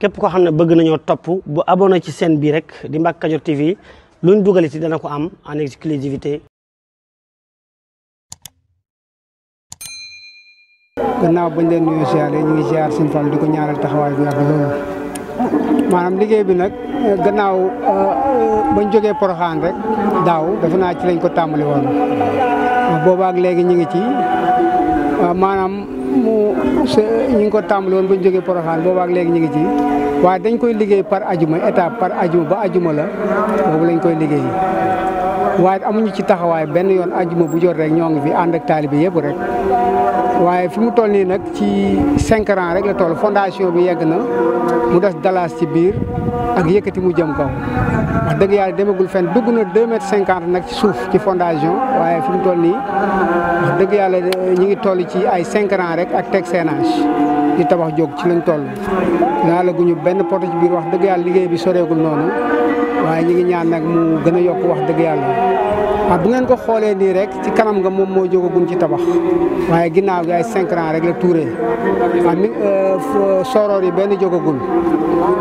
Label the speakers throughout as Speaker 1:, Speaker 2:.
Speaker 1: képp koo xam ne bëgg nañoo topp bu abonné ci seen bii rek di Mbacke Kadior TV luñ dugal ci dana ko am en exclusivité
Speaker 2: gannaaw bañ leen nuyoo ziar ñu ngi ziar Sëñ di ko ñaanal taxawaay bu yàgg liggéey bi nag gannaaw euh, bañ jógee Porokhane rek daaw defe naa ci lañ ko tàmbali woon boobaak léegi ñu ngi ci euh, mu ñu ngi ko tàmbali woon ba ñu jógee Porokhane boobaak léegi ñu ngi ci waaye dañ koy liggéey par ajuma étape par ajuma ba ajuma la boobu lañ koy liggéey waaye amuñu ci taxawaay benn yoon ajuma bu jot rek ñoo ngi fi ànd ak taalibe yëpp rek. waaye fi mu toll nii nag ci cinq ans rek la toll fondation bi yegg na mu des dalaas ci biir. ak yëkkati mu jëm kaw wax dëgg yàlla demagul fenn dugg na deux mètres cinquante nag suuf ci fondation waaye fi mu toll nii wax dëgg yàlla ñi ngi toll ci ay cinq rek ak teg seenage di tabax jóg ci lañ toll. naa la guñu benn porte ci biir wax dëgg yàlla liggéey bi soreegul noonu. waaye ñi ngi ñaan nag mu gën a yokk wax dëgg yàlla waaw bu ngeen ko xoolee nii rek ci kanam nga moom moo jógagun ci tabax waaye ginnaaw gi ay cinq ans rek a tuuré waaw mi euh, soroor yi benn jógagun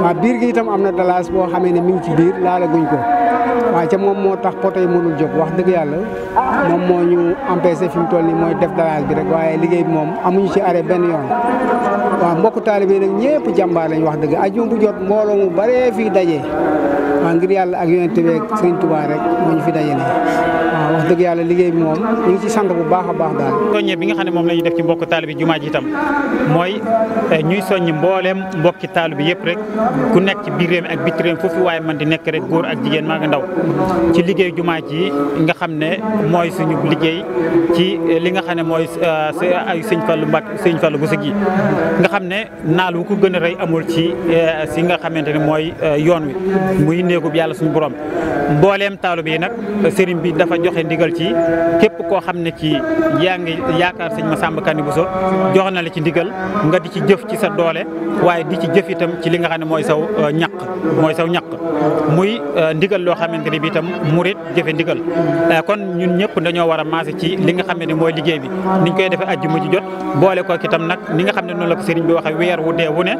Speaker 2: waaw biir gi itam am na dalaas boo xamee ne mi ngi ci biir laalaguñ ko waaye ca moom moo tax poto yi mënul jóg wax dëgg yàlla moom moo ñu empêché fi mu toll nii mooy def dalaas bi rek waaye liggéey bi moom amuñu ci arrêt benn yoon waa mbokku taalibe yi nag ñëpp jàmbaar lañ wax dëgg aju bu jot mbooloo mu baree fii yàlla ak yonent bi ak sëriñ Tuubaa rek moo ñu fi dajale waaw wax dëgg yàlla liggéey bi moom ñu ngi ci sant bu baax a baax daal.
Speaker 1: soññe bi nga xam ne moom la ñuy def ci mbokk taalibi jumaa ji itam mooy eh, ñuy soññ mbooleem mbokki taalibi yëpp rek ku nekk ci biir réew mi ak bitim réew foofu waaye man di nekk rek góor ak jigéen maa nga ndaw ci liggéey jumaa ji nga xam ne mooy suñu liggéey ci li nga xam ne mooy eh, ay sëñ Fallu Mbatt sëñ Fallu Buso gi nga xam ne naal wu ko gën a rëy amul ci eh, si nga xamante ne mooy yoon wi muy néegub yàlla yàlla suñu borom mbooleem taalibe yi nag sëriñ bi dafa joxe ndigal ci képp koo xam ne ci yaa ngi yaakaar ma sëñ Massamba bu so joxe na la ci ndigal nga di ci jëf ci sa doole waaye di ci jëf itam ci li nga xam ne mooy saw euh, ñaq mooy saw ñaq muy euh, ndigal loo xamante ne bi itam murit jëfe ndigal euh, kon ñun ñëpp dañoo war a maase ci li nga xam ne mooy liggéey bi niñ koy defee ajjuma ji jot boole ko itam nag ni nga xam ne noonu la ko sëriñ bi waxee weer wu dee wu ne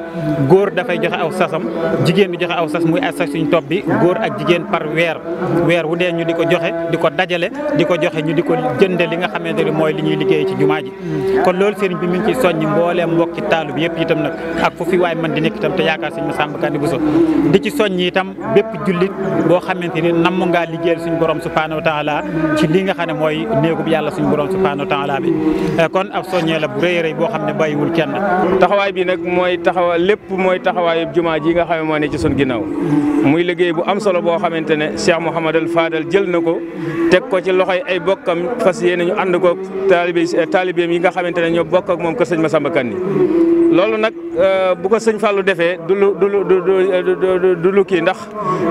Speaker 1: góor dafay joxe aw sasam jigéen joxe aw sas muy as suñ topp bi góor ak jigéen par weer wu dee ñu di ko joxe di ko dajale di ko joxe ñu di ko jënde li nga xamante ne mooy li ñuy liggéey ci jumaa ji kon loolu sëriñ bi mi ngi ciy soññi mbooleem mbokki taalu bi yëpp itam nag ak fu fi waay mën di nekk itam te yaakaar sëñ Massamba Kanni Bousso di ci soññi itam bépp jullit boo xamante ni namm ngaa liggéeyal suñu borom subhanahu wa taala ci li nga xam ne mooy néegub yàlla suñu borom subhanahu wa taala bi kon a soññee la bu rëy rëy boo xam ne bàyyiwul kenn taxawaay bi nag mooy taxawa lépp mooy taxawaayu
Speaker 3: jumaa ji nga xam ne moo ne ci sun ginnaaw am solo boo xamante ne Cheikh Mouhamadul Fadal jël na ko teg ko ci loxoy ay bokkam fas yéene ñu ànd ko taalibeem yi nga xamante ne ñoo bokk ak moom kër sëñ Massamba Kanni loolu nag euh, bu ko sëñ Fallou defee du lu du lu du du lu kii ndax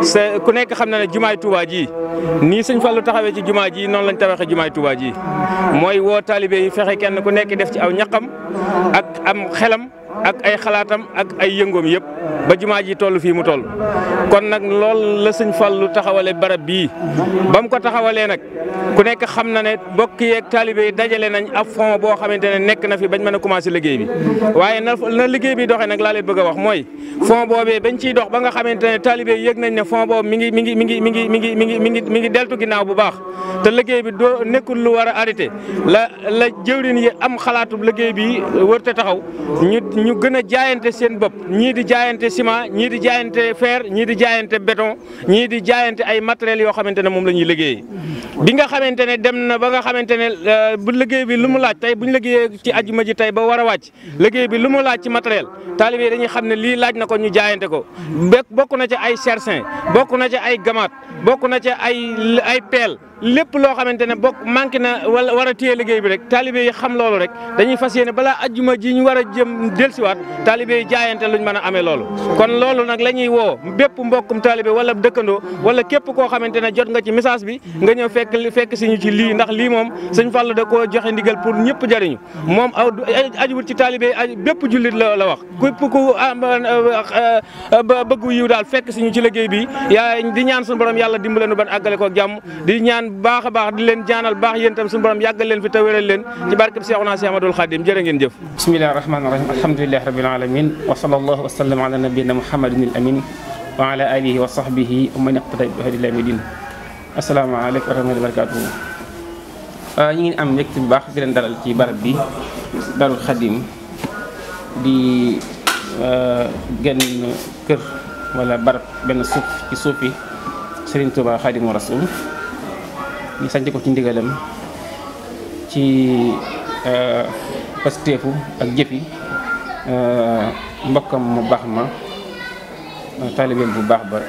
Speaker 3: c'est ku nekk xam na ne jumaay Touba ji nii sëñ Fallou taxawee ci jumaa ji noonu lañ tabaxee jumaay Touba ji mooy woo taalibe yi fexe kenn ku nekk def ci aw ñaqam ak am xelam. ak ay xalaatam ak ay yëngoom yëpp ba jumaa ji toll fii mu toll kon nag lool la sëñ lu taxawale barab bii ba mu ko taxawalee nag ku nekk xam na ne bokk yeeg taalibe yi dajale nañ ab fon boo xamante ne nekk na fi bañ mën a commencé liggéey bi waaye na na liggéey bi doxee nag laa leen bëgg wax mooy fond boobee bañ ciy dox ba nga xamante ne taalibe yi yëg nañ ne fond boobu mi ngi mi ngi mi ngi mi ngi mi ngi mi mi ngi mi ngi deltu ginnaaw bu baax te liggéey bi doo nekkul lu war a arrêté la la jëwrin yi am xalaatu liggéey bi wërte taxaw ñu gën a jaayante seen bopp ñii di jaayante ciment ñii di jaayante fer ñii di jaayante béton ñii di jaayante ay matériels yoo xamante ne moom la ñuy liggéey bi nga xamante ne dem na ba nga xamante ne euh, bu liggéey bi lu mu laaj tey bu ñu liggéeyee ci ajuma ji tey ba war a wàcc liggéey bi lu mu laaj ci matériel taalibe yi dañuy xam ne lii laaj na ko ñu jaayante ko bokk na ci ay sersin bokk na ci ay gamaat bokk na ca ay ay peel lépp loo xamante ne bokk manqué na wala war a téye liggéey bi rek taalibe yi xam loolu rek dañuy fas yéene balaa ajjuma ji ñu war a jëm delsiwaat taalibe yi jaayante luñ man a amee loolu kon loolu nag lañuy woo bépp mbokkum taalibe wala dëkkandoo wala képp koo xamante ne jot nga ci message bi nga ñëw fekk fekk si ñu ci lii ndax lii moom sëñ Fallu da koo joxe ndigal pour ñëpp jariñu moom aw ajuwut ci taalibe yi bépp jullit la la wax képp ku euh, euh, bëggu yiw daal fekk si ñu ci liggéey bi yaa di ñaan suñu borom yàlla dimbale nu ban àggale ko ñaan bu baax a baax di leen jaanal baax yéen itam suñu borom yàggal leen fi te wéral leen ci barkeb Seexuna Seex
Speaker 4: Ahmadul Xaadim jërë ngeen jëf bismillahi rahmaani rahim alhamdulilahi rabbil alamin wa sallallahu wa sallam ala nabiyina muhammadin al amin wa ala alihi wa sahbihi wa man iqtada bi hadihi ila din assalaamu aleykum wa rahmatullahi wa barakatuhu ah, ñu ngi am mbégte bu baax di leen dalal ci barab bi Daarul Xaadim di ah, genn kër wala barab benn suuf ci suufi Sëriñ Tuubaa Xaadimu Rasuul ñu sanc ko ci ndigalam ci euh, pasteefu ak jëfi euh, mbokkam mu baax ma euh, taalibeem bu baax ba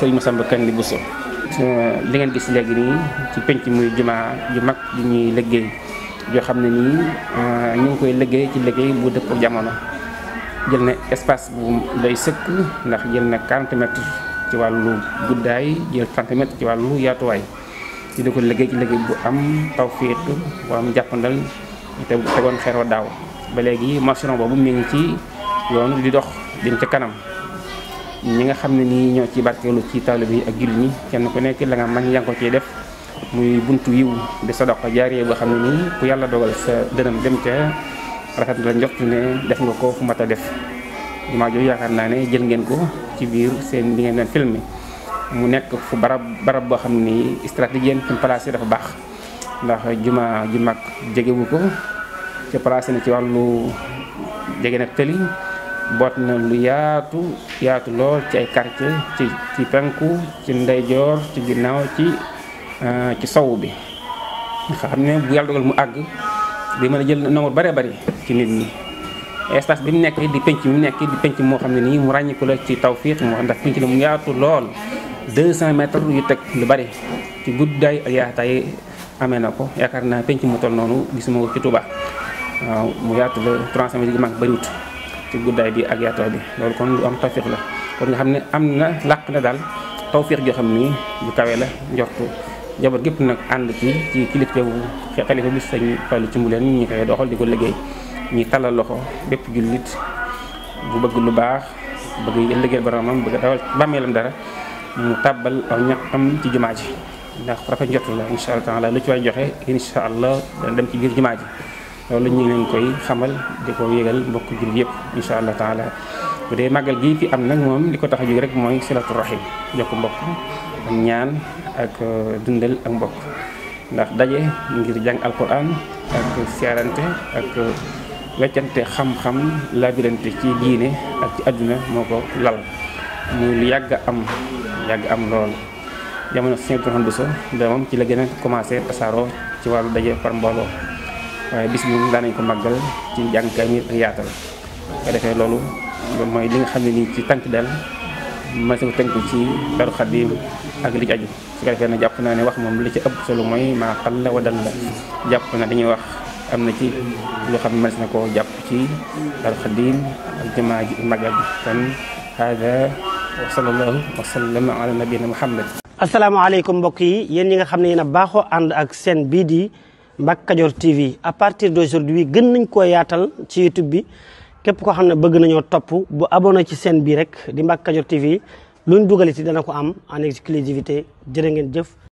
Speaker 4: sëñ Massamba Kanni Bousso li ngeen gis léegi nii ci penc muy jumaa ju mag ju ñuy liggéey joo xam ne nii ñu ngi koy liggéey ci liggéey bu dëpp jamono jël na espace bu doy sëkk ndax jël na 40 mètres ci wàllu guddaay jël 30 mètres ci wàllu yaatuwaay ñu di ko liggéey ci liggéey bu am tawfiq bu am jàppandal te tegoon xeeroo daaw ba léegi mention boobu mi ngi ci yoon di dox jëm ca kanam ñi nga xam ne nii ñoo ci barkeelu ci taalibe yi ak jullit ñi kenn ku nekk la nga man yaa ngi ko ciy def muy bunt yiw di sa sadaqa jaariya boo xam ne nii ku yàlla dogal sa dënam dem ca rafet la njort ne def nga ko fu mat a def jumaa jooju yaakaar naa ne jël ngeen ko ci biir seen bi ngeen doon filmé mu nekk fu barab barab boo xam ni stratégie fi mu dafa baax ndax jumaa ju mag jegewu ko ci placé na ci wàllu jege na tëli boot na lu yaatu yaatu lool ci ay quartier ci ci penku ci ndeyjoor ci ginnaaw ci euh, ci sowu bi nga xam ne bu yàlla dogal mu àgg di mën a jël nombre bare bari ci nit ñi espace bi mu nekk di penc mi mu nekk di penc moo xam ne nii mu ràññiku la ci tawfiq moo ndax penc la mu yaatu lool 200 mètres yu teg lu bari ci guddaay ak yaataay amee na ko yaakaar naa penc mu toll noonu gisuma ko ci Touba waaw mu yaatu la 300 mètres yi mag bariwut ci guddaay bi ak yaataay bi loolu kon lu am tawfiq la kon nga xam ne am na làq na daal tawfiq joo xam ni bu kawe la njortu jabar gépp nag ànd ci ci kilifte wu xalifa bi sëñ Fallu ci mbuleen ñi koy doxal di ko liggéey ñi talal loxo bépp jullit bu bëgg lu baax bëgg liggéeyal boromam bëgg dawal bàmmeelam dara mu tàbbal aw am ci jumaa ji ndax rafet njot la insha allah taala lu ci waay joxe insha allah dana dem ci biir jumaa ji loolu ñu ngi leen koy xamal di ko yégal mbokk jur yëpp insha allah taala bu dee màggal gi fi am nag moom li ko tax a jóg rek mooy silatu rahim jokk mbokk ak ñaan ak euh, dundal ak mbokk ndax daje ngir jàng alquran ak siyaarante ak euh, weccante xam-xam labirante ci diine ak ci àdduna moo ko lal muy lu yàgg am yàgg am lool jamono si Sëñ Abdourahmane Bousso da moom ci la gën a commencé tasaaroo ci wàllu daje par mbooloo waaye bis bi moom daan nañ ko màggal ci jàng kaamil ak yaatal nga defee loolu mooy li xam ne nii ci tànk daal ma sa ci Daaru Xadim ak li ci aju su jàpp naa ne wax moom li ci ëpp solo mooy maa xal la wa dal la jàpp na dañuy wax am na ci loo xam ne mën na koo jàpp ci Daaru Xadim ak jamaa ji màggal kon
Speaker 1: hada wa sallallahu wa sallam ala nabiyina muhammad asalaamaaleykum mbokk yi yéen ñi nga xam ne yéen a baaxoo ànd ak seen bii di Mbacke Kadior TV à partir d'aujourd'hui gën nañ ko yaatal ci YouTube bi képp koo xam ne bëgg nañoo topp bu abonné ci seen bii rek di Mbacke Kadior TV luñ dugal ci dana ko am en exclusivité jërë ngeen jëf